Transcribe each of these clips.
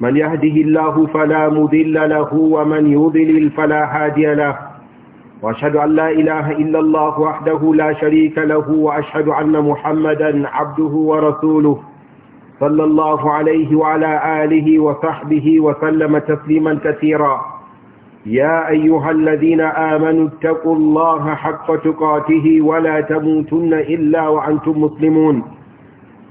من يهده الله فلا مذل له ومن يضلل فلا هادي له وأشهد أن لا إله إلا الله وحده لا شريك له وأشهد أن محمدا عبده ورسوله صلى الله عليه وعلى آله وصحبه وسلم تسليما كثيرا يا أيها الذين آمنوا اتقوا الله حق تقاته ولا تموتن إلا وأنتم مسلمون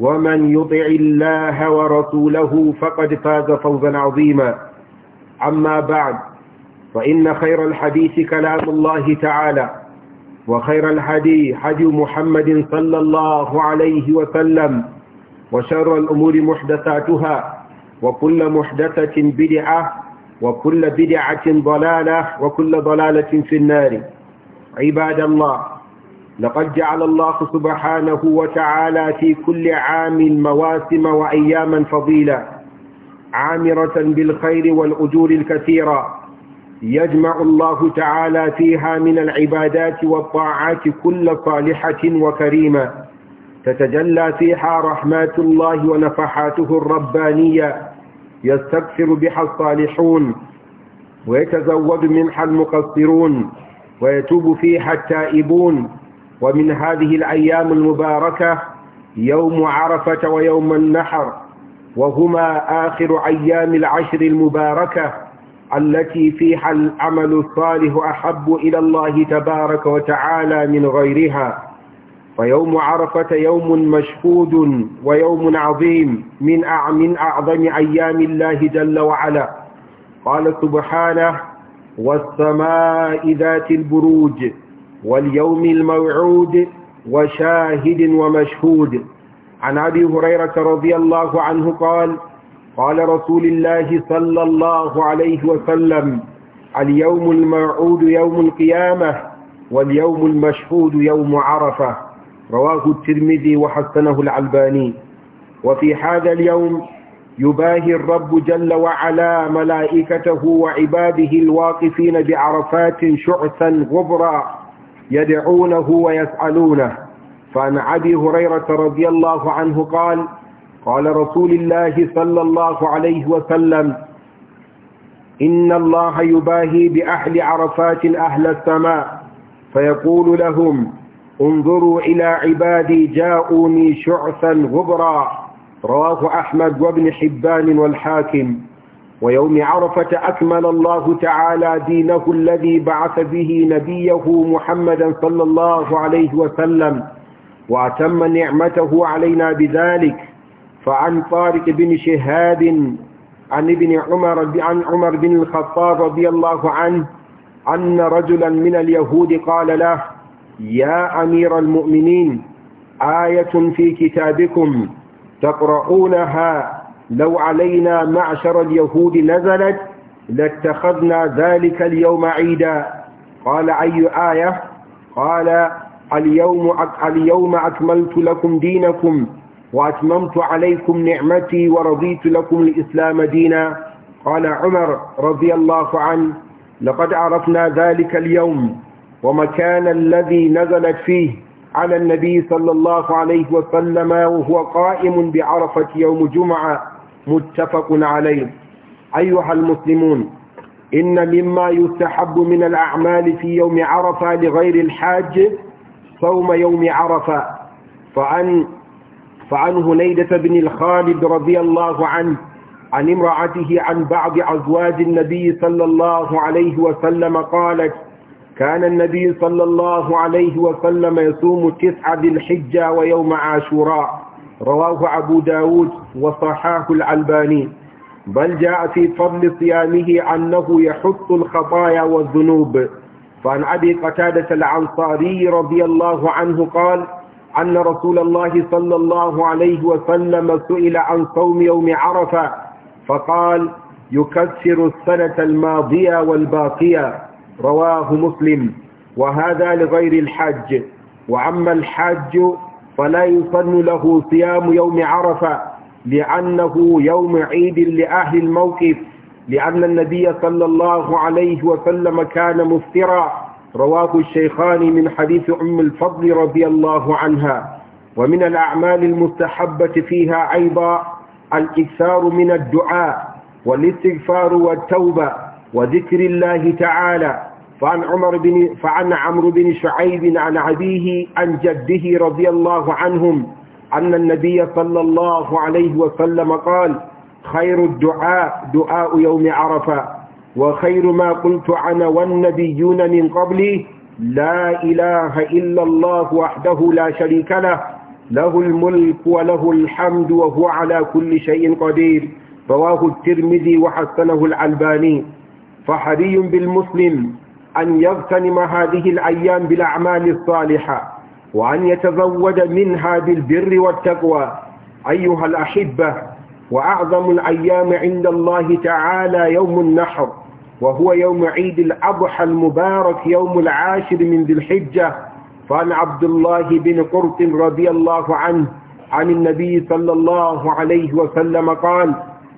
ومن يطع الله ورسوله فقد فاز فوزا عظيما أما بعد فإن خير الحديث كلام الله تعالى وخير الحديث حدي محمد صلى الله عليه وسلم وشر الأمور محدثاتها وكل محدثة بدعة وكل بدعة ضلالة وكل ضلالة في النار عباد الله لقد جعل الله سبحانه وتعالى في كل عام مواسم وأياما فضيلة عامرة بالخير والأجور الكثيرة يجمع الله تعالى فيها من العبادات والطاعات كل صالحة وكريمة تتجلى فيها رحمات الله ونفحاته الربانية يستكثر بها الصالحون ويتزود منها المقصرون ويتوب فيها التائبون ومن هذه الأيام المباركة يوم عرفة ويوم النحر وهما آخر أيام العشر المباركة التي فيها العمل الصالح أحب إلى الله تبارك وتعالى من غيرها فيوم عرفة يوم مشهود ويوم عظيم من من أعظم أيام الله جل وعلا قال سبحانه والسماء ذات البروج واليوم الموعود وشاهد ومشهود عن أبي هريرة رضي الله عنه قال قال رسول الله صلى الله عليه وسلم اليوم الموعود يوم القيامة واليوم المشهود يوم عرفة رواه الترمذي وحسنه العلباني وفي هذا اليوم يباهي الرب جل وعلا ملائكته وعباده الواقفين بعرفات شعثا غبرا يدعونه ويسألونه فعن أبي هريرة رضي الله عنه قال قال رسول الله صلى الله عليه وسلم إن الله يباهي بأهل عرفات أهل السماء فيقول لهم انظروا إلى عبادي جاءوني شعثا غبرا رواه أحمد وابن حبان والحاكم ويوم عرفة أكمل الله تعالى دينه الذي بعث به نبيه محمدا صلى الله عليه وسلم وأتم نعمته علينا بذلك فعن طارق بن شهاب عن ابن عمر عن عمر بن الخطاب رضي الله عنه أن رجلا من اليهود قال له يا أمير المؤمنين آية في كتابكم تقرؤونها لو علينا معشر اليهود نزلت لاتخذنا ذلك اليوم عيدا قال أي آية قال اليوم, اليوم أكملت لكم دينكم وأتممت عليكم نعمتي ورضيت لكم الإسلام دينا قال عمر رضي الله عنه لقد عرفنا ذلك اليوم ومكان الذي نزلت فيه على النبي صلى الله عليه وسلم وهو قائم بعرفة يوم جمعة متفق عليه أيها المسلمون إن مما يستحب من الأعمال في يوم عرفة لغير الحاج صوم يوم عرفة فعن, فعن هنيدة بن الخالد رضي الله عنه عن امرأته عن بعض أزواج النبي صلى الله عليه وسلم قالت كان النبي صلى الله عليه وسلم يصوم تسعة ذي الحجة ويوم عاشوراء رواه أبو داود وصحاه الألباني بل جاء في فضل صيامه أنه يحط الخطايا والذنوب فعن أبي قتادة العنصاري رضي الله عنه قال أن رسول الله صلى الله عليه وسلم سئل عن صوم يوم عرفة فقال يكثر السنة الماضية والباقية رواه مسلم وهذا لغير الحج وعما الحج فلا يسن له صيام يوم عرفة لأنه يوم عيد لأهل الموقف لأن النبي صلى الله عليه وسلم كان مفترا رواه الشيخان من حديث أم الفضل رضي الله عنها ومن الأعمال المستحبة فيها أيضا الإكثار من الدعاء والاستغفار والتوبة وذكر الله تعالى فعن عمر بن فعن عمرو بن شعيب عن أبيه عن جده رضي الله عنهم أن النبي صلى الله عليه وسلم قال خير الدعاء دعاء يوم عرفة وخير ما قلت أنا والنبيون من قبلي لا إله إلا الله وحده لا شريك له له الملك وله الحمد وهو على كل شيء قدير رواه الترمذي وحسنه العلباني فحري بالمسلم أن يغتنم هذه الأيام بالأعمال الصالحة وأن يتزود منها بالبر والتقوى أيها الأحبة وأعظم الأيام عند الله تعالى يوم النحر وهو يوم عيد الأضحى المبارك يوم العاشر من ذي الحجة فعن عبد الله بن قرط رضي الله عنه عن النبي صلى الله عليه وسلم قال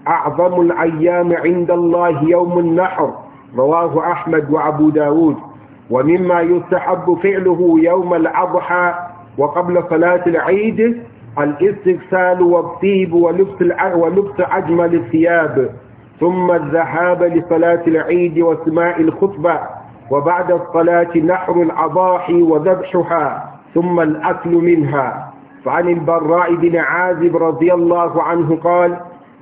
أعظم الأيام عند الله يوم النحر رواه أحمد وأبو داود ومما يستحب فعله يوم الأضحى وقبل صلاة العيد الاستغسال والطيب ولبس, ولبس أجمل الثياب ثم الذهاب لصلاة العيد وسماع الخطبة وبعد الصلاة نحر الأضاحي وذبحها ثم الأكل منها فعن البراء بن عازب رضي الله عنه قال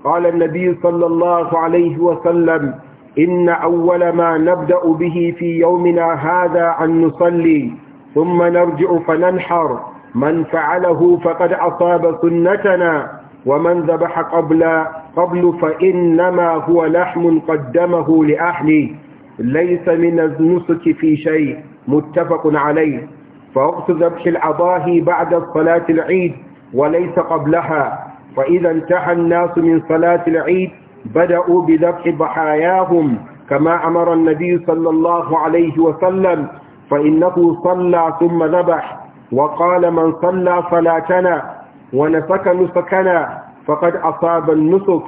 قال النبي صلى الله عليه وسلم إن أول ما نبدأ به في يومنا هذا أن نصلي ثم نرجع فننحر من فعله فقد أصاب سنتنا ومن ذبح قبل قبل فإنما هو لحم قدمه لأحله ليس من النسك في شيء متفق عليه فوقت ذبح الأضاهي بعد صلاة العيد وليس قبلها فإذا انتهى الناس من صلاة العيد بدأوا بذبح ضحاياهم كما أمر النبي صلى الله عليه وسلم فإنه صلى ثم ذبح وقال من صلى صلاتنا ونسك نسكنا فقد أصاب النسك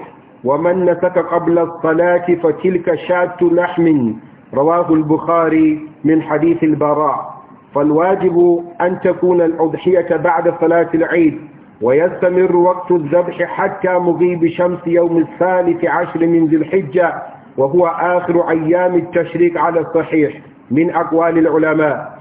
ومن نسك قبل الصلاة فتلك شات لحم رواه البخاري من حديث البراء فالواجب أن تكون الأضحية بعد صلاة العيد ويستمر وقت الذبح حتى مغيب شمس يوم الثالث عشر من ذي الحجة وهو آخر أيام التشريق على الصحيح من أقوال العلماء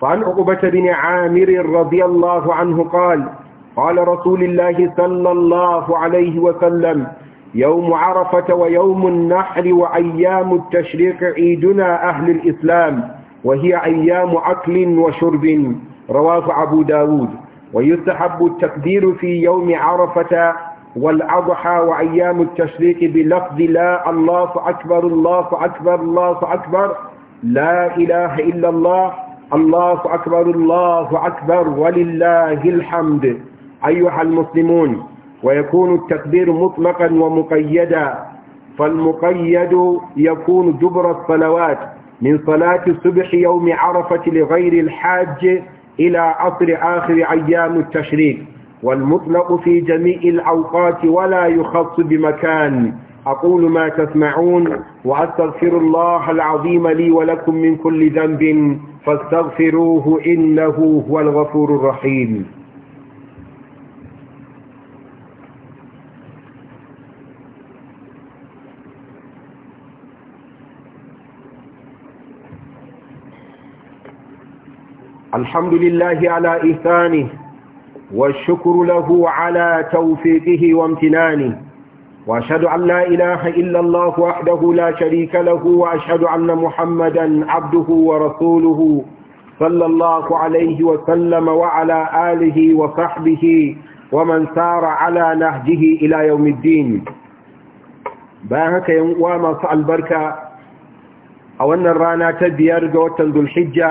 فعن عقبة بن عامر رضي الله عنه قال قال رسول الله صلى الله عليه وسلم يوم عرفة ويوم النحر وأيام التشريق عيدنا أهل الإسلام وهي أيام أكل وشرب رواه أبو داود ويستحب التكبير في يوم عرفة والأضحى وأيام التشريق بلفظ لا الله أكبر الله أكبر الله أكبر لا إله إلا الله الله أكبر الله أكبر ولله الحمد أيها المسلمون ويكون التكبير مطلقا ومقيدا فالمقيد يكون دبر الصلوات من صلاة الصبح يوم عرفة لغير الحاج إلى عصر آخر أيام التشريق والمطلق في جميع الأوقات ولا يخص بمكان أقول ما تسمعون وأستغفر الله العظيم لي ولكم من كل ذنب فاستغفروه إنه هو الغفور الرحيم الحمد لله على إثانه والشكر له على توفيقه وامتنانه وأشهد أن لا إله إلا الله وحده لا شريك له وأشهد أن محمدا عبده ورسوله صلى الله عليه وسلم وعلى آله وصحبه ومن سار على نهجه إلى يوم الدين باهك يوم وما البركة أو أن الرانا تبير قوة ذو الحجة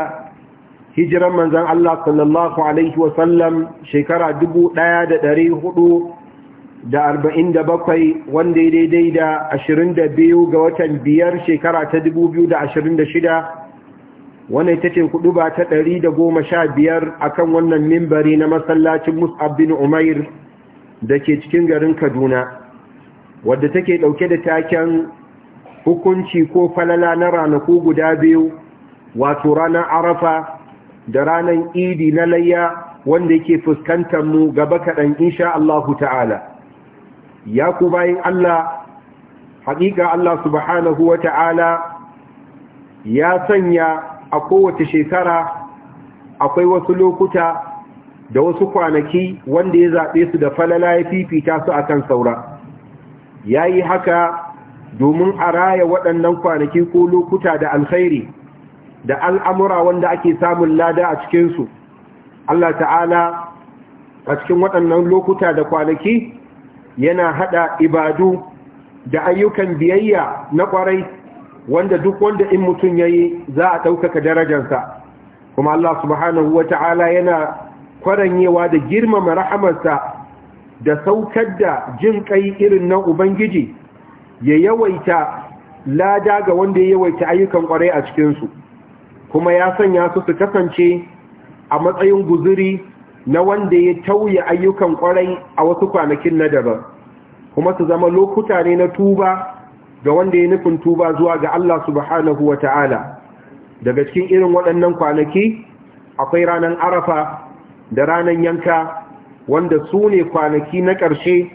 hijiran manzan Allah sallallahu Alaihi wasallam shekara 1447 wanda ya daidai da 22 ga watan biyar shekara ta 2026 wanda ita ce kudu ba ta 115 kan wannan mimbari na masallacin Mus'ab bin Umair da ke cikin garin Kaduna wadda take ɗauke da taken hukunci ko falala na ranaku guda biyu wato ranar Arafa da ranar idi na layya wanda yake fuskantar mu gaba kaɗan insha Allahu ta'ala ya ku bayan Allah haƙiƙa Allah subhanahu wa ta'ala ya sanya a kowace shekara akwai wasu lokuta da wasu kwanaki wanda ya zaɓe su da falala ya fifita su akan saura ya yi haka domin a raya waɗannan kwanaki ko lokuta da alkhairi da al'amura wanda ake samun lada a cikinsu Allah ta'ala a cikin waɗannan lokuta da kwanaki yana haɗa ibadu da ayyukan biyayya na ƙwarai wanda duk wanda in mutum ya yi za a ɗaukaka darajarsa kuma Allah subhanahu wa ta'ala yana kwaranyewa da girmama rahamarsa da saukar da jin ƙai irin na Ubangiji ya yawaita lada ga wanda ya yawaita ayyukan ƙwarai a cikinsu kuma ya sanya su su kasance a matsayin guzuri na wanda ya tauye ayyukan ƙwarai a wasu kwanakin na daban kuma su zama lokuta ne na tuba ga wanda ya nufin tuba zuwa ga Allah subhanahu wa ta'ala daga cikin irin waɗannan kwanaki akwai ranar arafa da ranar yanka wanda su ne kwanaki na ƙarshe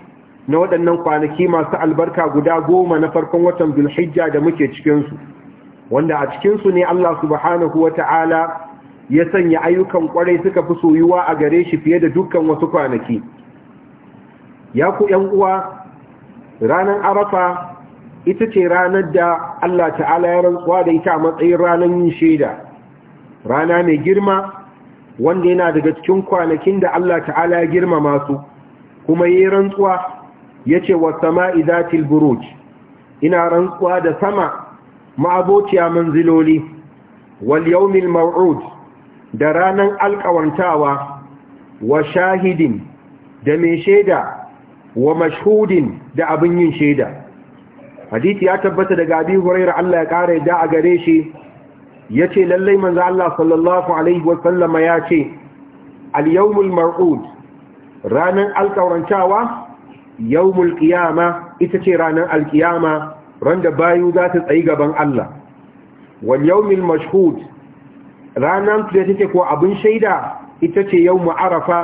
na waɗannan kwanaki masu albarka guda goma na farkon watan bilhijja da muke cikinsu wanda a cikinsu ne Allah subhanahu wa ta'ala ya sanya ayyukan kwarai suka fi soyuwa a gare shi fiye da dukkan wasu kwanaki ya ku uwa ranar arafa ita ce ranar da Allah ta'ala ya rantsuwa da ita a matsayin ranar yin shaida rana mai girma wanda yana daga cikin kwanakin da Allah ta'ala ya girma masu kuma yi rantsuwa ya ce wa sama'i zatil buruj ina rantsuwa da sama ma'abociya manziloli wal yawmil maw'ud da ranan alƙawantawa wa shahidin da mai shaida wa mashhudin da abin yin shaida hadisi ya tabbata daga abin hurairah Allah ya kare da a gare shi yace lallai manzo Allah sallallahu alaihi wa sallama yace al yawmul maw'ud ranan alƙawantawa yawmul ƙiyama ita ce ranan alƙiyama randa bayu za ta tsayi gaban Allah wal yawmil mashhud ranan da take ko abin shaida ita ce yawmu arafa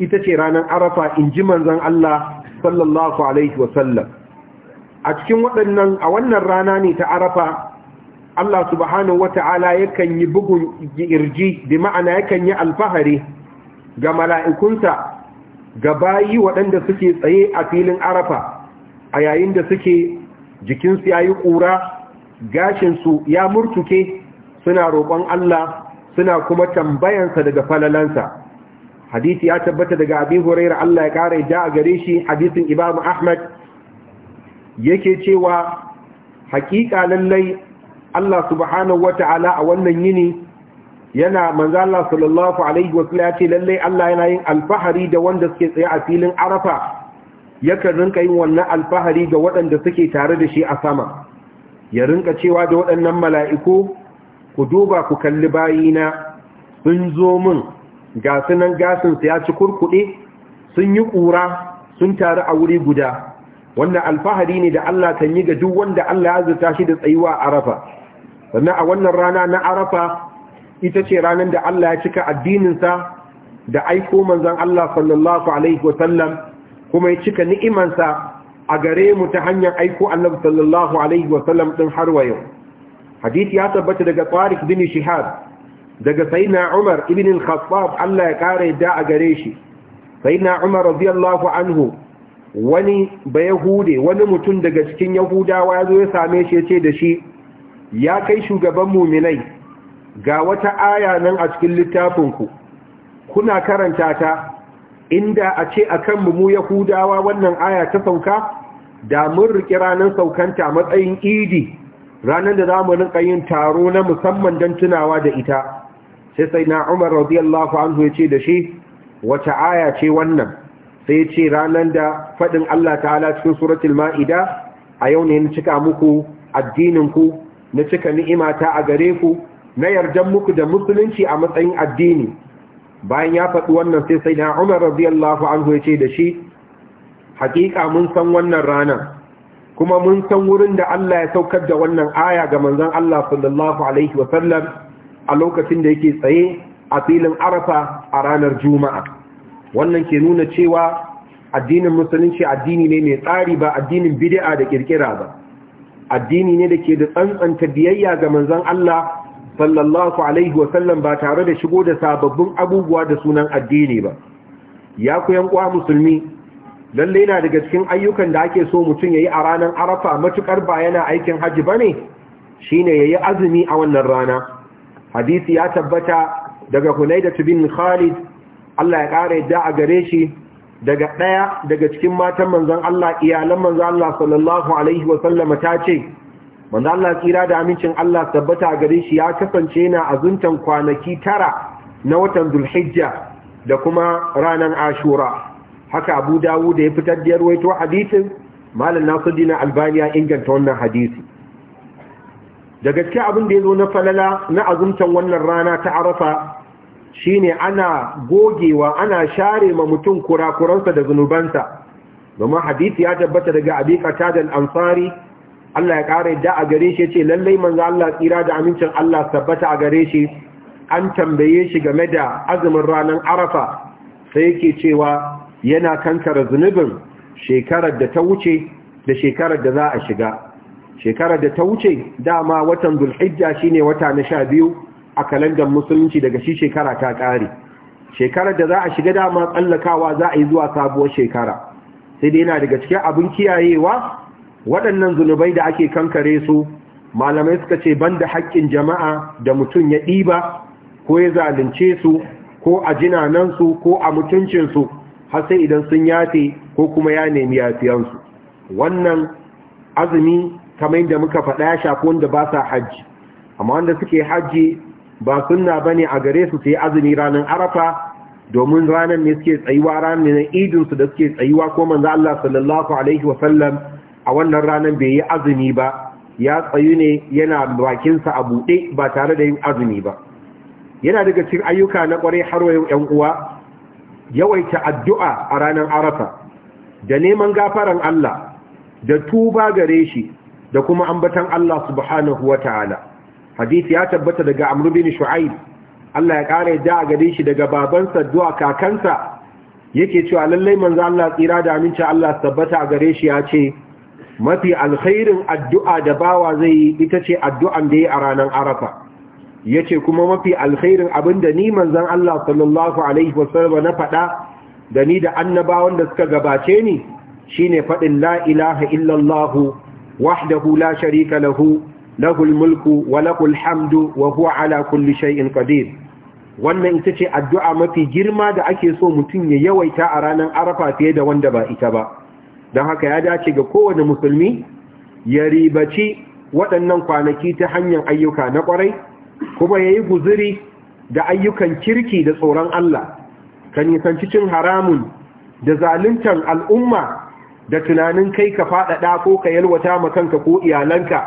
ita ce ranan arafa inji manzon Allah sallallahu alaihi wa sallam a cikin waɗannan a wannan rana ne ta arafa Allah subhanahu wata'ala yakan yi bugun irji bi ma'ana yakan yi alfahari ga mala'ikunta ga bayi waɗanda suke tsaye a filin arafa a yayin da suke jikinsu ya yi ƙura gashinsu ya murtuke suna roƙon Allah suna kuma tambayansa daga falalansa hadisi ya tabbata daga abin hurairar Allah ya ƙara ja a gare shi hadisin imam ahmad yake cewa haƙiƙa lallai Allah subhanahu wata'ala a wannan yini yana manzo Allah sallallahu alaihi wasallam ya ce lallai Allah yana yin alfahari da wanda suke tsaye a filin Arafa yakan rinka yin wannan alfahari ga waɗanda suke tare da shi a sama ya rinka cewa da waɗannan mala'iku ku duba ku kalli bayina sun zo min ga sunan gasinsu ya ci kurkuɗe sun yi ƙura sun taru a wuri guda wannan alfahari ne da Allah kan yi ga duk wanda Allah ya zata shi da tsayuwa a arafa sannan a wannan rana na arafa ita ce ranar da Allah ya cika addininsa da aiko manzan Allah sallallahu alaihi wasallam kuma ya cika ni'imansa a gare mu ta hanyar aiko annabi sallallahu alaihi wasallam din har wa yau hadisi ya tabbata daga Tariq bin Shihab daga Sayyidina Umar ibn al-Khattab Allah ya kare da a gare shi Sayyidina Umar radiyallahu anhu wani bayahude wani mutum daga cikin Yahudawa ya zo ya same shi ya ce da shi ya kai shugaban muminai ga wata aya nan a cikin littafinku kuna karanta ta inda a ce akan mu mu yahudawa wannan aya ta sauka da mun riƙe ranar saukanta a matsayin idi ranar da za mu rinka yin taro na musamman don tunawa da ita sai sai na umar radiyallahu anhu ya ce da shi wace aya ce wannan sai ya ce ranar da faɗin Allah ta'ala cikin suratul ma'ida a yau ne na cika muku addininku na cika ni'imata a gare ku na yardan muku da musulunci a matsayin addini bayan ya faɗi wannan sai sai na umar radiyallahu anhu ya ce da shi hakika mun san wannan ranar kuma mun san wurin da Allah ya saukar da wannan aya ga manzon Allah sallallahu alaihi wasallam a lokacin da yake tsaye a filin arafa a ranar juma'a wannan ke nuna cewa addinin musulunci addini ne mai tsari ba addinin bid'a da kirkira ba addini ne da ke da tsantsanta biyayya ga manzon Allah sallallahu alaihi wasallam ba tare da shigo da sababbin abubuwa da sunan addini ba ya ku yankwa musulmi lalle yana daga cikin ayyukan da ake so mutum yayi a ranar arafa matukar ba yana aikin hajji bane shine yayi azumi a wannan rana hadisi ya tabbata daga hunayda bin khalid Allah ya kare yadda a gare shi daga ɗaya daga cikin matan manzon Allah iyalan manzon Allah sallallahu alaihi wasallama ta ce manzo Allah tsira da amincin Allah tabbata gare shi ya kasance na azuntan kwanaki tara na watan Zulhijja da kuma ranar Ashura haka Abu Dawud da ya fitar da ruwaito hadisin Malam Nasiruddin Albani ya inganta wannan hadisi da gaske abin da ya zo na falala na azumtan wannan rana ta Arafa shine ana gogewa ana share ma mutum kurakuransa da zunubansa domin hadisi ya tabbata daga Abi Qatada al-Ansari Allah ya ƙara yadda a gare shi ce lallai manzo Allah tsira da amincin Allah tabbata a gare shi an tambaye shi game da azumin ranar arafa sai yake cewa yana kankara zunubin shekarar da ta wuce da shekarar da za a shiga shekarar da ta wuce dama watan zulhijja ne wata na sha biyu a kalandar musulunci daga shi shekara ta ƙare shekarar da za a shiga dama tsallakawa za a yi zuwa sabuwar shekara sai dai yana daga cikin abin kiyayewa waɗannan zunubai da ake kankare su malamai suka ce banda haƙƙin jama'a da mutum ya ɗiba ko ya zalunce su ko a jinanansu ko a mutuncinsu har sai idan sun yafe ko kuma ya nemi yafiyansu wannan azumi kamar yadda muka faɗa ya shafi wanda ba sa hajji amma wanda suke hajji ba sunna ne a gare su sai azumi ranar arafa domin ranar ne suke tsayuwa ranar ne idinsu da suke tsayuwa ko manzo Allah sallallahu alaihi wa a wannan ranar bai yi azumi ba ya tsayu ne yana bakinsa a buɗe ba tare da yin azumi ba yana daga cikin ayyuka na ƙware har wayo ‘yan uwa yawaita addu'a a ranar arafa da neman gafaran Allah da tuba gare shi da kuma ambatan Allah subhanahu wa ta'ala hadisi ya tabbata daga amru bin shu'aib Allah ya ƙara yadda a gare shi daga babansa du'a kakansa yake cewa lallai manzo Allah tsira da aminci Allah tabbata a gare shi ya ce mafi alkhairin addu'a da bawa zai yi ita ce addu'an da ya a ranar arafa ya ce kuma mafi alkhairin abin da ni manzan Allah sallallahu Alaihi wasallam na faɗa da ni da annabawan da suka gabace ni shi ne faɗin la'ilaha illallahu wahdahu la sharika lahu lahul mulku wa lahul hamdu wa huwa ala kulli shay'in qadir wannan ita ce addu'a mafi girma da ake so mutum ya yawaita a ranar arafa fiye da wanda ba ita ba don haka ya dace ga kowane musulmi ya ribaci waɗannan kwanaki ta hanyar ayyuka na ƙwarai kuma ya yi guziri da ayyukan kirki da tsoron Allah ka nisanci cin haramun da zaluntar al'umma da tunanin kai ka faɗaɗa ko ka yalwata makanka ko iyalanka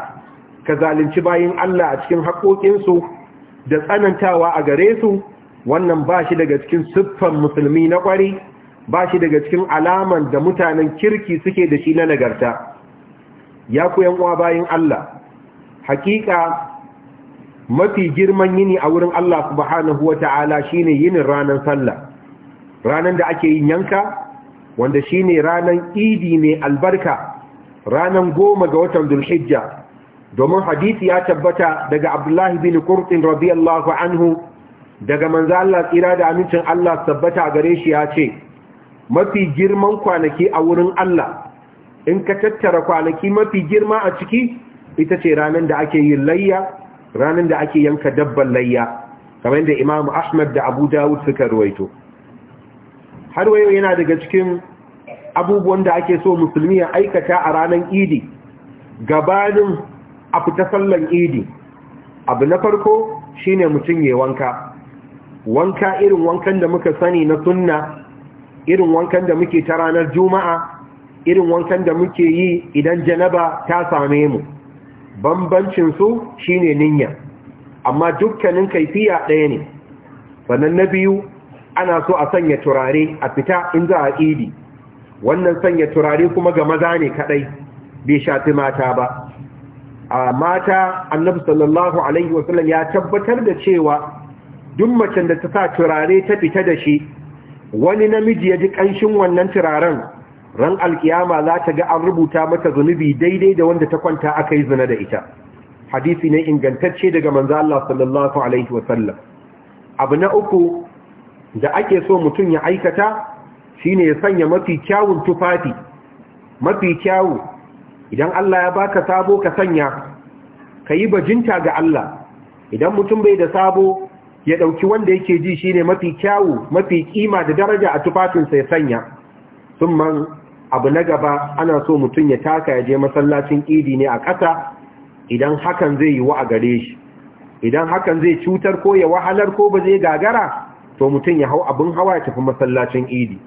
ka zalunci bayan Allah a cikin haƙoƙinsu da tsanantawa a gare su wannan ba shi daga cikin siffan musulmi na ƙwari ba shi daga cikin alaman da mutanen kirki suke da shi na nagarta ya ku uwa bayin Allah hakika mafi girman yini a wurin Allah subhanahu wata'ala shine yinin ranar sallah ranar da ake yin yanka wanda shine ranar idi ne albarka ranar goma ga watan dulhijja domin hadisi ya tabbata daga abdullahi bin kurtin radiyallahu anhu daga manzo Allah tsira da amincin Allah tabbata gare shi ya ce mafi girman kwanaki a wurin Allah in ka tattara kwanaki mafi girma a ciki ita ce ranar da ake yin layya ranar da ake yanka dabban layya kamar da imamu ahmad da abu dawud suka ruwaito har wayo yana daga cikin abubuwan da ake so musulmi ya aikata a ranar idi gabanin a fita sallan idi abu na farko shine mutum ya wanka wanka irin wankan da muka sani na sunna irin wankan da muke ta ranar juma'a irin wankan da muke yi idan janaba ta same mu bambancin su ne ninya. amma dukkanin kaifiya ɗaya ne sannan na biyu ana so a sanya turare a fita in za a idi wannan sanya turare kuma ga maza ne kaɗai, bai shafi mata ba a mata annabi sallallahu alaihi wasallam ya tabbatar da cewa duk macen da ta sa turare ta fita da shi wani namiji ya ji ƙanshin wannan turaren ran alƙiyama za ta ga an rubuta mata zunubi daidai da wanda ta kwanta aka yi zina da ita hadisi ne ingantacce daga manzo Allah sallallahu alaihi wasallam abu na uku da ake so mutum ya aikata shine ya sanya mafi kyawun tufafi mafi kyawu idan Allah ya baka sabo ka sanya kayi bajinta ga Allah idan mutum bai da sabo ya ɗauki wanda yake ji shine mafi kyawu mafi kima da daraja a tufafinsa ya sanya summan abu na gaba ana so mutum ya taka ya je masallacin idi ne a ƙasa idan hakan zai yi wa a gare shi idan hakan zai cutar ko ya wahalar ko ba zai gagara to mutum ya hau abin hawa ya tafi masallacin idi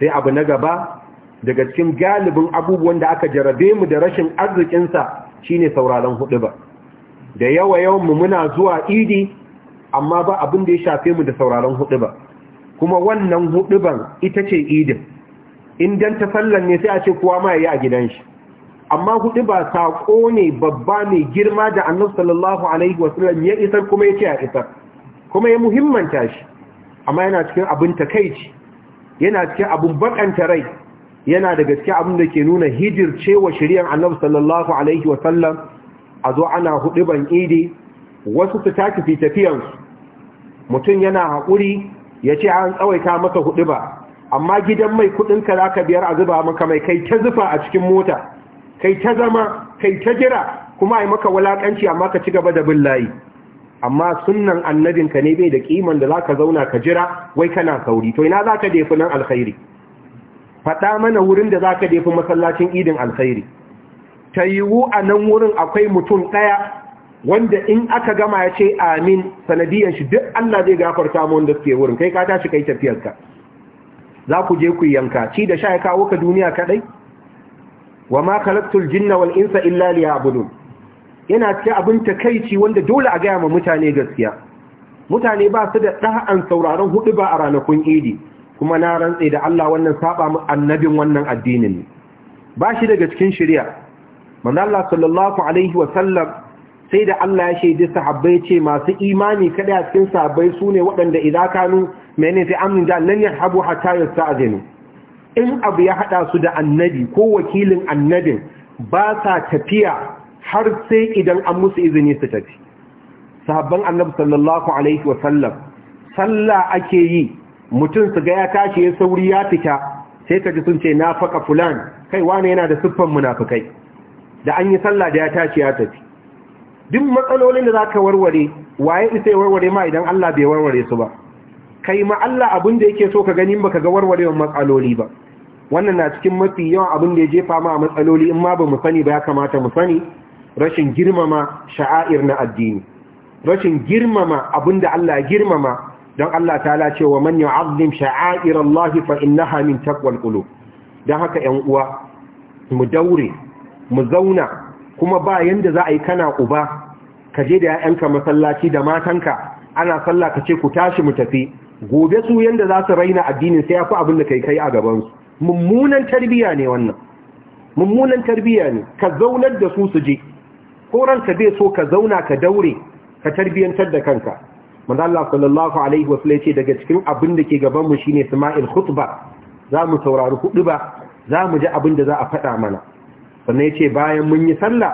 sai abu na gaba daga cikin galibin abubuwan da aka jarabe mu da rashin arzikinsa shine sauraron hudu ba da yawa yawan mu muna zuwa idi amma ba abin da ya shafe mu da sauraron huɗuba. kuma wannan huɗuban ita ce idin idan ta sallan ne sai a ce kowa ma yayi a gidan shi amma ba sako ne babba mai girma da Annabi sallallahu alaihi wasallam ya isar kuma ya ce a isar kuma ya muhimmanta shi amma yana cikin abin takeici yana cikin abin bakanta rai yana da gaske abin da ke nuna hijircewa shari'ar Annabi sallallahu alaihi wasallam a zo ana huɗuban idi wasu su tafi tafiyansu mutum yana haƙuri ya ce an tsawaita maka hudu ba amma gidan mai kudinka za ka biyar a zuba maka mai kai ta zufa a cikin mota kai ta zama kai ta jira kuma ai maka wulakanci amma ka ci gaba da bin layi amma sunnan annabinka ne bai da ƙiman da za ka zauna ka jira wai kana sauri to ina za ka defi nan alkhairi faɗa mana wurin da za ka defi masallacin idin alkhairi ta yiwu a nan wurin akwai mutum ɗaya wanda in aka gama ya ce amin sanadiyan shi duk Allah zai gafarta mu wanda suke wurin kai ka tashi kai tafiyarka za ku je ku yanka ci da sha ya kawo ka duniya kadai wa ma khalaqtul jinna wal insa illa liya'budun yana cikin abin takeici wanda dole a gaya ma mutane gaskiya mutane ba su da ɗa'an sauraron hudu ba a ranakun idi kuma na rantse da Allah wannan saba mu annabin wannan addinin ne ba shi daga cikin shari'a manzo Allah sallallahu alaihi wa sallam sai da Allah ya shaidi sahabbai ce masu imani kada a cikin sahabbai su ne waɗanda idan kanu mene sai amin da nan ya habu hata ya sa'azinu in abu ya haɗa su da annabi ko wakilin annabin ba sa tafiya har sai idan an musu izini su tafi sahabban annabi sallallahu alaihi wa sallam sallah ake yi mutum su ga ya tashi ya sauri ya fita sai ka ji sun ce na faka fulan kai wane yana da siffan munafukai da an yi sallah da ya tashi ya tafi duk matsalolin da za ka warware waye isa ya warware ma idan Allah bai warware su ba kai ma Allah abin da yake so ka gani ba ka ga warwarewar matsaloli ba wannan na cikin mafi yawan abin da ya jefa ma a matsaloli in ma ba mu sani ba ya kamata mu sani rashin girmama sha'air na addini rashin girmama abin da Allah girmama don Allah ta lace wa man yu'azzim sha'air Allah fa innaha min taqwal qulub dan haka 'yan uwa mu daure mu zauna kuma ba yanda za a yi kana uba ka je da 'ya'yanka masallaci da matanka ana sallah ka ce ku tashi mu tafi gobe su yanda za su raina addinin sai ya fi abin da kai kai a gabansu mummunan tarbiya ne wannan mummunan tarbiya ne ka zaunar da su su je ko ka bai so ka zauna ka daure ka tarbiyantar da kanka manzo Allah sallallahu alaihi ce daga cikin abin da ke gaban mu shine Isma'il khutba za mu saurari hudu ba za mu ji abin da za a faɗa mana sannan ce bayan mun yi sallah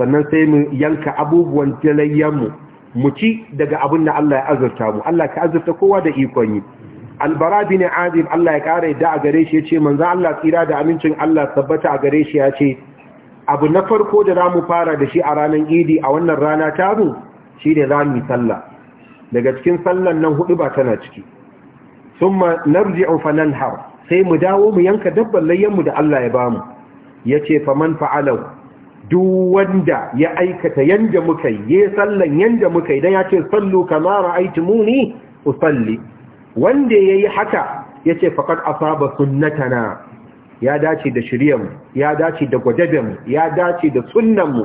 sannan sai mu yanka abubuwan jalayyanmu mu mu ci daga abin da Allah ya azurta mu Allah ka azurta kowa da ikon yi albara bin azib Allah ya kare da a gare shi yace manzo Allah tsira da amincin Allah tabbata a gare shi yace abu na farko da zamu fara da shi a ranar idi a wannan rana ta zo za mu yi sallah daga cikin sallan nan hudu ba tana ciki summa narji'u nanhar sai mu dawo mu yanka dabban layyanmu da Allah ya bamu yace faman fa'alahu duk wanda ya aikata yanda muka yi yayin sallan yanda muka yi dan yace sallu kama ra'aytumuni usalli wanda yayi haka yace faqad asaba sunnatana ya dace da shiryarmu ya dace da gwajabenmu ya dace da sunnanmu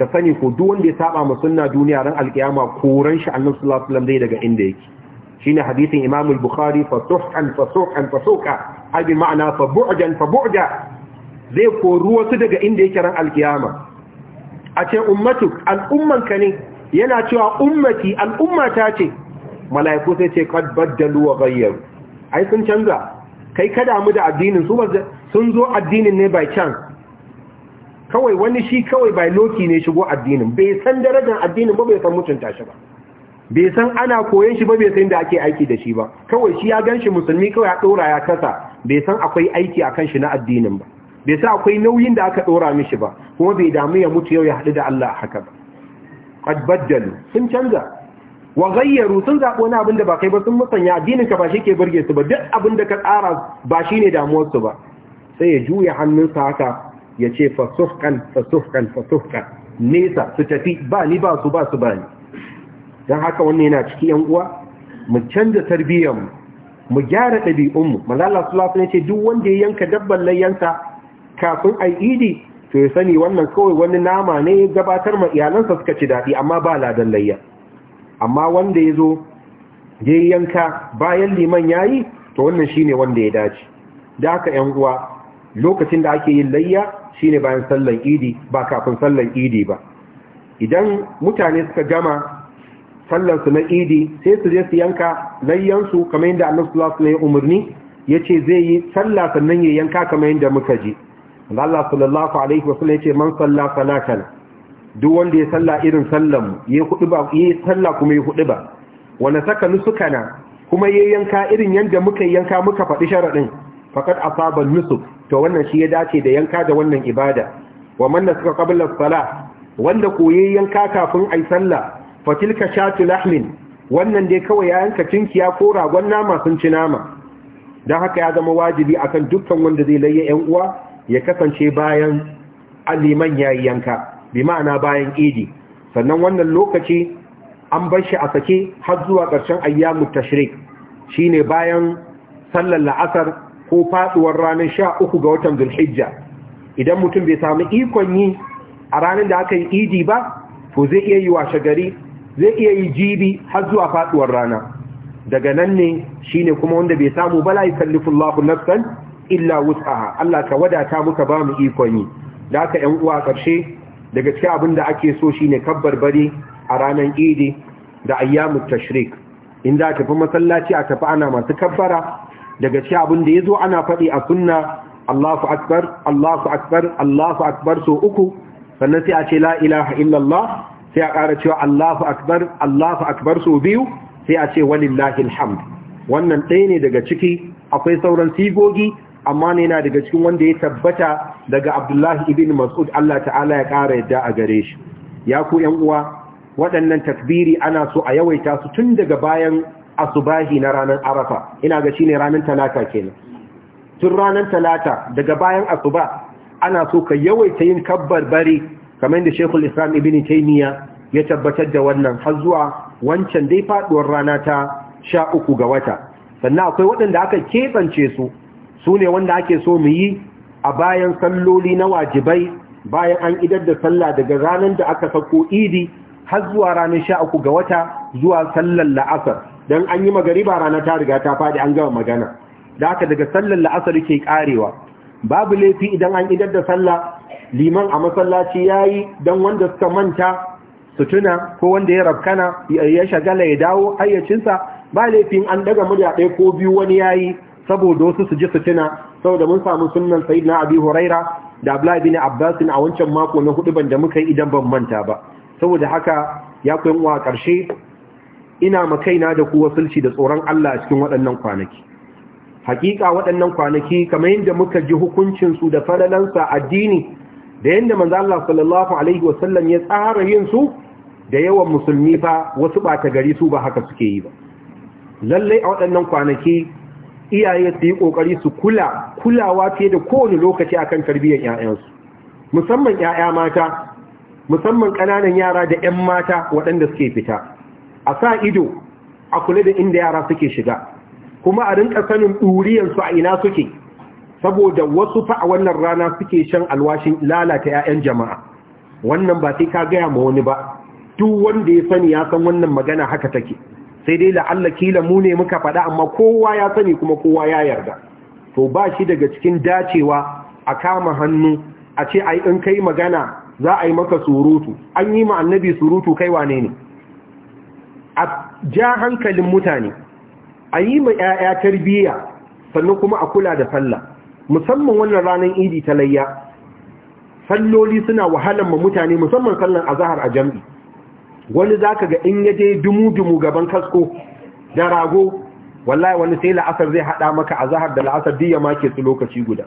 ka sani ko duk wanda ya saba ma sunna duniya ran alkiyama koran shi annabi sallallahu alaihi wasallam daga inda yake shine hadisin imam al-bukhari fa suhan fa suhan fa abi ma'ana fa bu'dan fa zai kori wasu daga inda yake ran alkiyama a ce ummatu al'ummanka ne yana cewa ummati al'ummata ce mala'iku sai ce kad baddalu wa ghayyaru ai sun canza kai kada mu da addinin su sun zo addinin ne by chance kawai wani shi kawai by loki ne shigo addinin bai san darajar addinin ba bai san mutunta shi ba bai san ana koyon shi ba bai san da ake aiki da shi ba kawai shi ya gan shi musulmi kawai ya ɗora ya kasa bai san akwai aiki a kan shi na addinin ba bai sa akwai nauyin da aka ɗora mishi ba kuma bai damu ya mutu yau ya haɗu da Allah haka ba qad baddalu sun canza wa ghayyaru sun zaɓi wani abin da ba kai ba sun musanya addinin ka ba shi ke burge su ba duk abin da ka tsara ba shine damuwar su ba sai ya juya hannunsa haka ya ce fasufkan fasufkan fasufkan nesa su tafi ba ni ba su ba su ba ni don haka wannan yana ciki yan uwa mu canza tarbiyyar mu mu gyara ɗabi'unmu malala sulasa ne ce duk wanda ya yanka dabban layyansa kafin a idi to ya sani wannan kawai wani nama ne ya gabatar ma iyalansa suka ci daɗi amma ba ladan layya amma wanda ya zo ya yanka bayan liman ya yi to wannan shi ne wanda ya dace da haka ‘yan uwa lokacin da ake yin layya shi ne bayan sallan idi ba kafin sallan idi ba idan mutane suka gama sallansu na idi sai su je su yanka layyansu kamar yadda annabi na alaihi umarni ya ce zai yi sallah sannan ya yanka kamar yadda muka ji Allah sallallahu alaihi wa sallam yace man salla salatan duk wanda ya salla irin sallan ya hudu ba ya salla kuma ya hudu ba wala saka nusukana kuma ya yanka irin yanda muka yanka muka faɗi sharadin faqad asaba nusuk to wannan shi ya dace da yanka da wannan ibada wa man suka qabla salah wanda koyi yanka kafin ai salla fatilka shatu lahmin wannan dai kawai ya yanka cinkiya ko ragon nama sun ci nama don haka ya zama wajibi akan dukkan wanda zai layya yan uwa ya kasance bayan aliman ya yi yanka bi ma'ana bayan idi sannan wannan lokaci an bar shi a sake har zuwa ƙarshen ayyamu tashrik shine bayan sallar la'asar ko faduwar ranar sha uku ga watan zulhijja idan mutum bai samu ikon yi a ranar da aka yi idi ba to zai iya yi washe gari zai iya yi jibi har zuwa faduwar rana daga nan ne shine kuma wanda bai samu bala yukallifullahu nafsan illa wus'aha Allah ka wadata muka ba mu ikon yi da aka ƴan uwa ƙarshe daga cikin abin da ake so shine kabbar bari a ranar idi da ayyamut tashrik in aka tafi masallaci a tafi ana masu kabbara daga cikin abin da yazo ana faɗi a sunna Allahu akbar Allahu akbar Allahu akbar so uku sannan sai a ce la ilaha illallah sai a ƙara cewa Allahu akbar Allahu akbar so biyu sai a ce walillahi alhamd wannan ɗaya ne daga ciki akwai sauran sigogi amma ne yana daga cikin wanda ya tabbata daga abdullahi ibn mas'ud Allah ta'ala ya ƙara yadda a gare shi ya ku ‘yan uwa waɗannan takbiri ana so a yawaita su tun daga bayan asubahi na ranar arafa ina ga shi ne ranar talata kenan tun ranar talata daga bayan asuba ana so ka yawaita yin kabbar bari kamar da shekul islam ibn taimiyya ya tabbatar da wannan har zuwa wancan dai faɗuwar rana ta sha uku ga wata sannan akwai waɗanda aka keɓance su su ne wanda ake so mu yi a bayan salloli na wajibai bayan an idar da sallah daga ranar da aka sako idi har zuwa ranar sha uku ga wata zuwa sallar la'asar don an yi magariba ranar ta riga ta faɗi an gama magana da haka daga sallar la'asar ke karewa babu laifi idan an idar da sallah liman a masallaci ya yi don wanda suka manta su tuna ko wanda ya rabkana ya shagala ya dawo hayyacinsa ba laifin an daga murya ɗaya ko biyu wani ya yi saboda wasu su ji su tuna saboda mun samu sunnan na abi huraira da abla ibn abbas a wancan mako na hudu ban da muka yi idan ban manta ba saboda haka ya koyan uwa karshe ina ma kaina da ku wasulci da tsoron Allah a cikin waɗannan kwanaki hakika waɗannan kwanaki kamar yadda muka ji hukuncin su da sa addini da yadda manzo Allah sallallahu alaihi wasallam ya tsara yin su da yawan musulmi fa wasu ɓata gari su ba haka suke yi ba lallai a waɗannan kwanaki iyaye su yi kokari su kula kulawa fiye da kowane lokaci akan tarbiyyar 'ya'yansu musamman 'ya'ya mata musamman ƙananan yara da ƴan mata waɗanda suke fita a sa ido a kula da inda yara suke shiga kuma a rinka sanin ɗuriyarsu a ina suke saboda wasu fa a wannan rana suke shan alwashin lalata 'ya'yan jama'a wannan ba sai ka gaya ma wani ba duk wanda ya sani ya san wannan magana haka take sai dai la'alla kila mu ne muka faɗa amma kowa ya sani kuma kowa ya yarda to ba shi daga cikin dacewa a kama hannu a ce ai in kai magana za a yi maka surutu an yi ma annabi surutu kai wane ne a ja hankalin mutane a yi ma 'ya'ya tarbiyya sannan kuma a kula da sallah musamman wannan ranar idi ta layya salloli suna wahalar ma mutane musamman sallan azahar a jam'i wani za ka ga in ya je dumu-dumu gaban kasko da rago wallahi wani sai la'asar zai haɗa maka a zahar da la'asar duk ya make su lokaci guda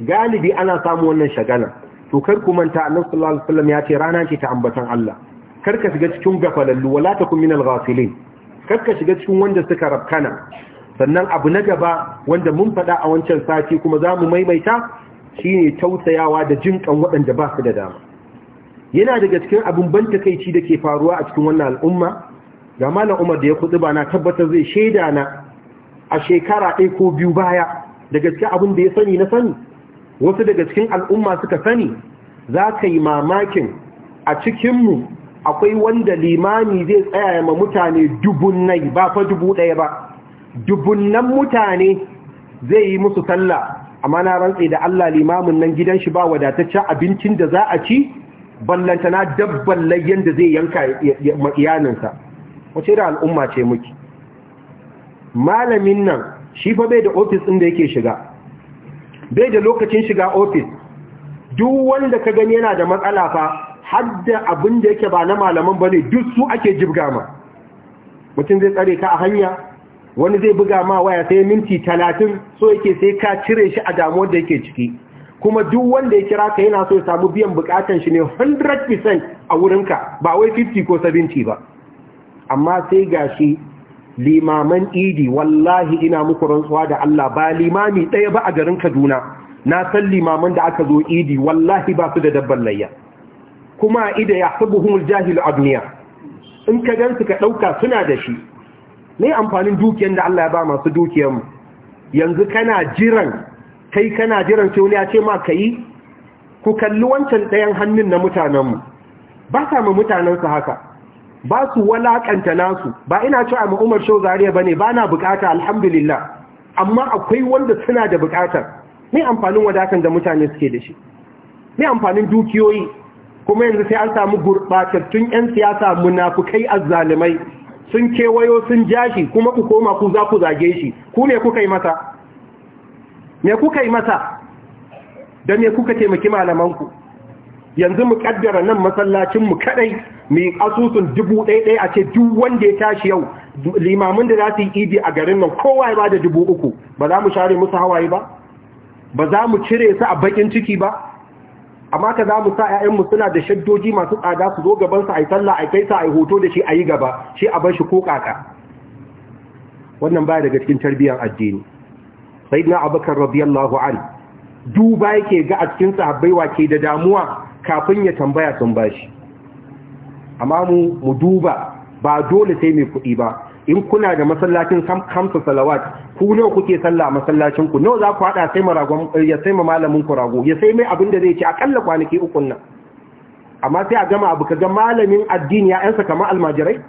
galibi ana samu wannan shagana to kar ku manta annabi sallallahu alaihi wasallam ya ce rana ce ta ambatan Allah kar ka shiga cikin gafalallu wala takum minal ghafilin kar ka shiga cikin wanda suka rabkana sannan abu na gaba wanda mun faɗa a wancan sati kuma za mu maimaita shine tausayawa da jinkan waɗanda ba su da dama yana daga cikin abin ban takeici da ke faruwa a cikin wannan al'umma ga malam Umar da ya kudu ba na tabbatar zai shaida na a shekara ɗaya ko biyu baya daga cikin abin da ya sani na sani wasu daga cikin al'umma suka sani za ka yi mamakin a cikinmu akwai wanda limami zai tsaya ma mutane dubunnai ba fa dubu ɗaya ba dubunnan mutane zai yi musu sallah amma na rantse da Allah limamin nan gidan shi ba wadataccen abincin da za a ci ballantana dabban layyan da zai yanka iyaninsa wace da al'umma ce muke malamin nan shi fa bai da ofis ɗin da yake shiga bai da lokacin shiga ofis duk wanda ka gani yana da matsala fa har da abin da yake ba na malaman ba ne duk su ake jibga ma mutum zai tsare ka a hanya wani zai buga ma waya sai minti talatin so yake sai ka cire shi a damuwar da yake ciki kuma duk wanda ya kira ka yana so ya samu biyan bukatan shi ne 100% a wurinka ba wai 50 ko 70 ba amma sai ga shi limaman idi wallahi ina muku rantsuwa da Allah ba limami ɗaya ba a garin Kaduna na san limaman da aka zo idi wallahi ba su da dabban layya kuma ida ya sabuhumul jahil abniya in ka gansu ka ɗauka suna da shi ne amfanin dukiyar da Allah ya ba masu dukiyar mu yanzu kana jiran kai kana jiran ce wani ya ce ma ka yi? ku kalli wancan ɗayan hannun na mutanenmu ba sa mu mutanensu haka ba su walakanta nasu ba ina cewa mu Umar Shau Zariya ba ne. ba na bukata alhamdulillah amma akwai wanda suna da bukatar mai amfanin wadatan da mutane suke da shi mai amfanin dukiyoyi kuma yanzu sai an samu gurɓatattun yan siyasa munafukai azzalimai sun kewayo sun jashi kuma ku koma ku za ku zage shi ku ne kuka yi masa me kuka yi masa da me kuka taimaki malamanku yanzu mu kaddara nan masallacin mu kadai mu asusun dubu ɗaya ɗaya a ce duk wanda ya tashi yau limamin da za su yi idi a garin nan kowa ya da dubu uku ba za mu share musu hawaye ba ba za mu cire su a bakin ciki ba amma ka za mu sa 'ya'yanmu suna da shaddoji masu tsada su zo su a yi sallah a kai sa a yi hoto da shi a yi gaba shi a bar shi ko kaka wannan baya daga cikin tarbiyyar addini Sai na abubakar radiyallahu an duba yake ga a cikin sahabbai wake da damuwa kafin ya tambaya sun bashi amma mu duba ba dole sai mai kuɗi ba in kuna da masallacin kamsa salawat ku nawa kuke salla a masallacinku, nawa za ku haɗa sai eh, ya sai ma malamin ku rago ya sai mai abin da zai ci akalla kwanaki uku nan amma sai a gama abu ka ga malamin addini ya ƴansa kamar almajirai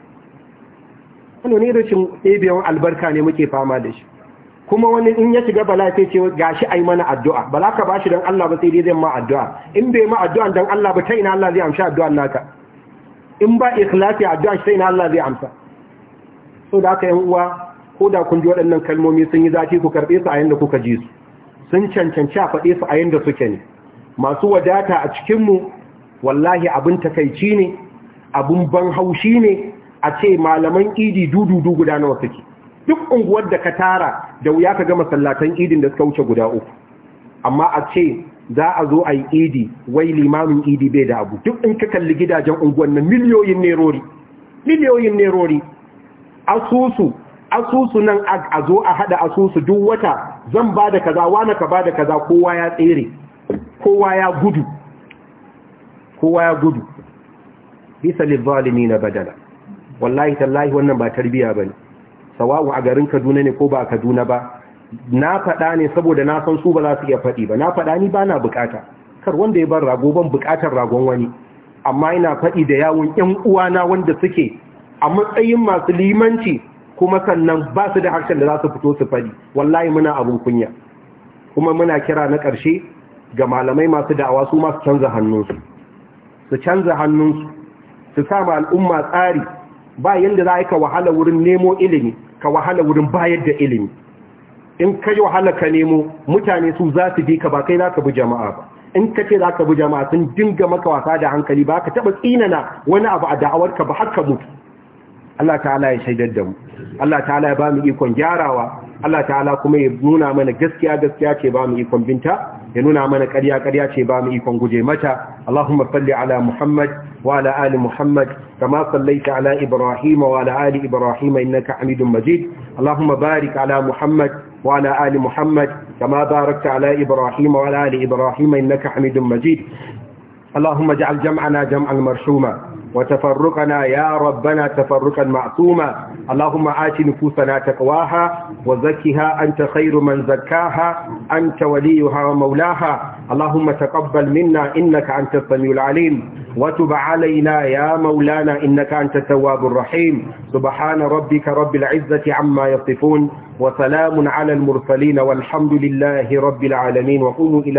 Wani ne rashin ɗabiyan albarka ne muke fama da shi kuma wani in ya shiga bala sai ce gashi ai mana addu'a bala ka ba shi dan Allah ba sai dai zai ma addu'a in bai ma addu'a dan Allah ba ta ina Allah zai amsa addu'a naka in ba ikhlasi addu'a sai ina Allah zai amsa so da haka yan uwa ko da kun ji waɗannan kalmomi sun yi zafi ku karbe su a yanda kuka ji su sun cancanci a faɗe su a yanda suke ne masu wadata a cikin mu wallahi abin takaici ne abun ban haushi ne a ce malaman idi dududu guda nawa suke duk unguwar da ka tara da wuya ka gama masallatan idin da suka wuce guda uku amma a ce za a zo a yi idi wai limamin idi bai da abu duk in ka kalli gidajen unguwar na miliyoyin nerori miliyoyin nerori asusu asusu nan a zo a hada asusu duk wata zan ba da kaza wani ka ba da kaza kowa ya tsere kowa ya gudu kowa ya gudu bisa lizzalimi na badala wallahi tallahi wannan ba tarbiya bane sawa'u a garin kaduna ne ko ba kaduna ba na faɗa ne saboda na san su ba za su iya faɗi ba na faɗa ni bana na bukata kar wanda ya bar rago ban bukatar ragon wani amma ina faɗi da yawon ƴan uwana wanda suke a matsayin masu limanci kuma sannan ba su da harshen da za su fito su faɗi wallahi muna abun kunya kuma muna kira na ƙarshe ga malamai masu da'awa su masu canza hannunsu su canza hannunsu su sama al'umma tsari ba yadda za a yi ka wahala wurin nemo ilimi ka wahala wurin bayar da ilimi in ka yi wahala ka nemo mutane su za su ka ba kai za ka bi jama'a ba in ka ce za ka bi jama'a sun dinga maka wasa da hankali ba ka taɓa tsinana wani abu a da'awar ka ba har ka mutu Allah ta'ala ya shaidar da mu Allah ta'ala ya ba mu ikon gyarawa Allah ta'ala kuma ya nuna mana gaskiya gaskiya ce ba mu ikon binta ya nuna mana ƙarya ƙarya ce ba mu ikon guje mata Allahumma salli ala Muhammad وعلى آل محمد كما صليت على إبراهيم وعلى آل إبراهيم إنك حميد مجيد اللهم بارك على محمد وعلى آل محمد كما باركت على إبراهيم وعلى آل إبراهيم إنك حميد مجيد اللهم اجعل جمعنا جمعا مرحوما وتفرقنا يا ربنا تفرقا معصوما اللهم آت نفوسنا تقواها وزكها أنت خير من زكاها أنت وليها ومولاها اللهم تقبل منا إنك أنت السميع العليم وتب علينا يا مولانا إنك أنت التواب الرحيم سبحان ربك رب العزة عما يصفون وسلام على المرسلين والحمد لله رب العالمين وقوموا إلى